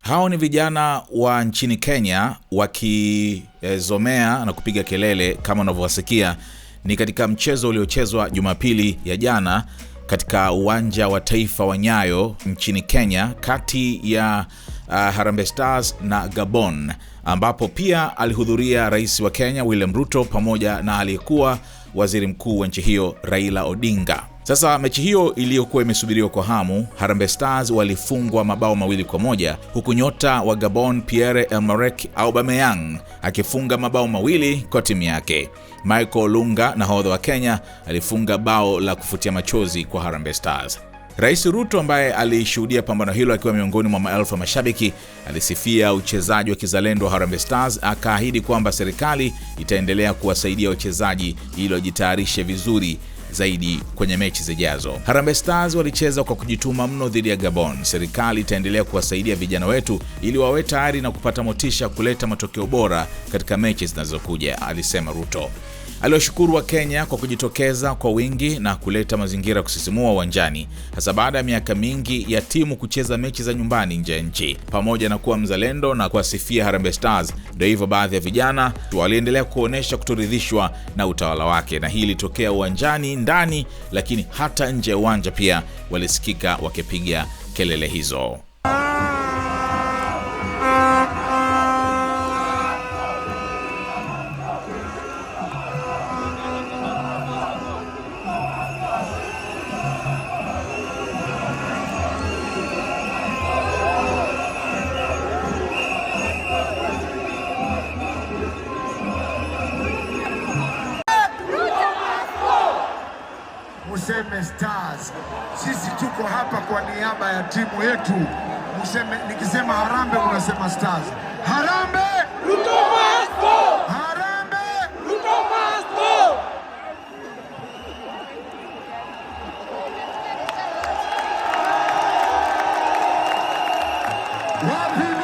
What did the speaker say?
Hao ni vijana wa nchini Kenya wakizomea na kupiga kelele kama unavyowasikia. Ni katika mchezo uliochezwa Jumapili ya jana katika uwanja wa taifa wa Nyayo nchini Kenya, kati ya uh, Harambee Stars na Gabon, ambapo pia alihudhuria rais wa Kenya William Ruto pamoja na aliyekuwa waziri mkuu wa nchi hiyo Raila Odinga. Sasa mechi hiyo iliyokuwa imesubiriwa kwa hamu, Harambee Stars walifungwa mabao mawili kwa moja huku nyota wa Gabon Pierre-Emerick Aubameyang akifunga mabao mawili kwa timu yake. Michael Olunga, nahodha wa Kenya, alifunga bao la kufutia machozi kwa Harambee Stars. Rais Ruto ambaye alishuhudia pambano hilo akiwa miongoni mwa maelfu ya mashabiki alisifia uchezaji wa kizalendo wa Harambee Stars, akaahidi kwamba serikali itaendelea kuwasaidia wachezaji ili wajitayarishe vizuri zaidi kwenye mechi zijazo. Harambee Stars walicheza kwa kujituma mno dhidi ya Gabon. Serikali itaendelea kuwasaidia vijana wetu ili wawe tayari na kupata motisha kuleta matokeo bora katika mechi zinazokuja, alisema Ruto aliwashukuru wa Kenya kwa kujitokeza kwa wingi na kuleta mazingira ya kusisimua uwanjani, hasa baada ya miaka mingi ya timu kucheza mechi za nyumbani nje ya nchi. Pamoja na kuwa mzalendo na kuwasifia Harambee Stars, ndio hivyo, baadhi ya vijana waliendelea kuonyesha kutoridhishwa na utawala wake, na hii ilitokea uwanjani, ndani, lakini hata nje ya uwanja pia walisikika wakipiga kelele hizo. Mseme Stars. Sisi tuko hapa kwa niaba ya timu yetu Museme, Nikisema Harambe unasema Stars. Harambe Rutoma Stars, Harambee Rutoma Stars. Wapi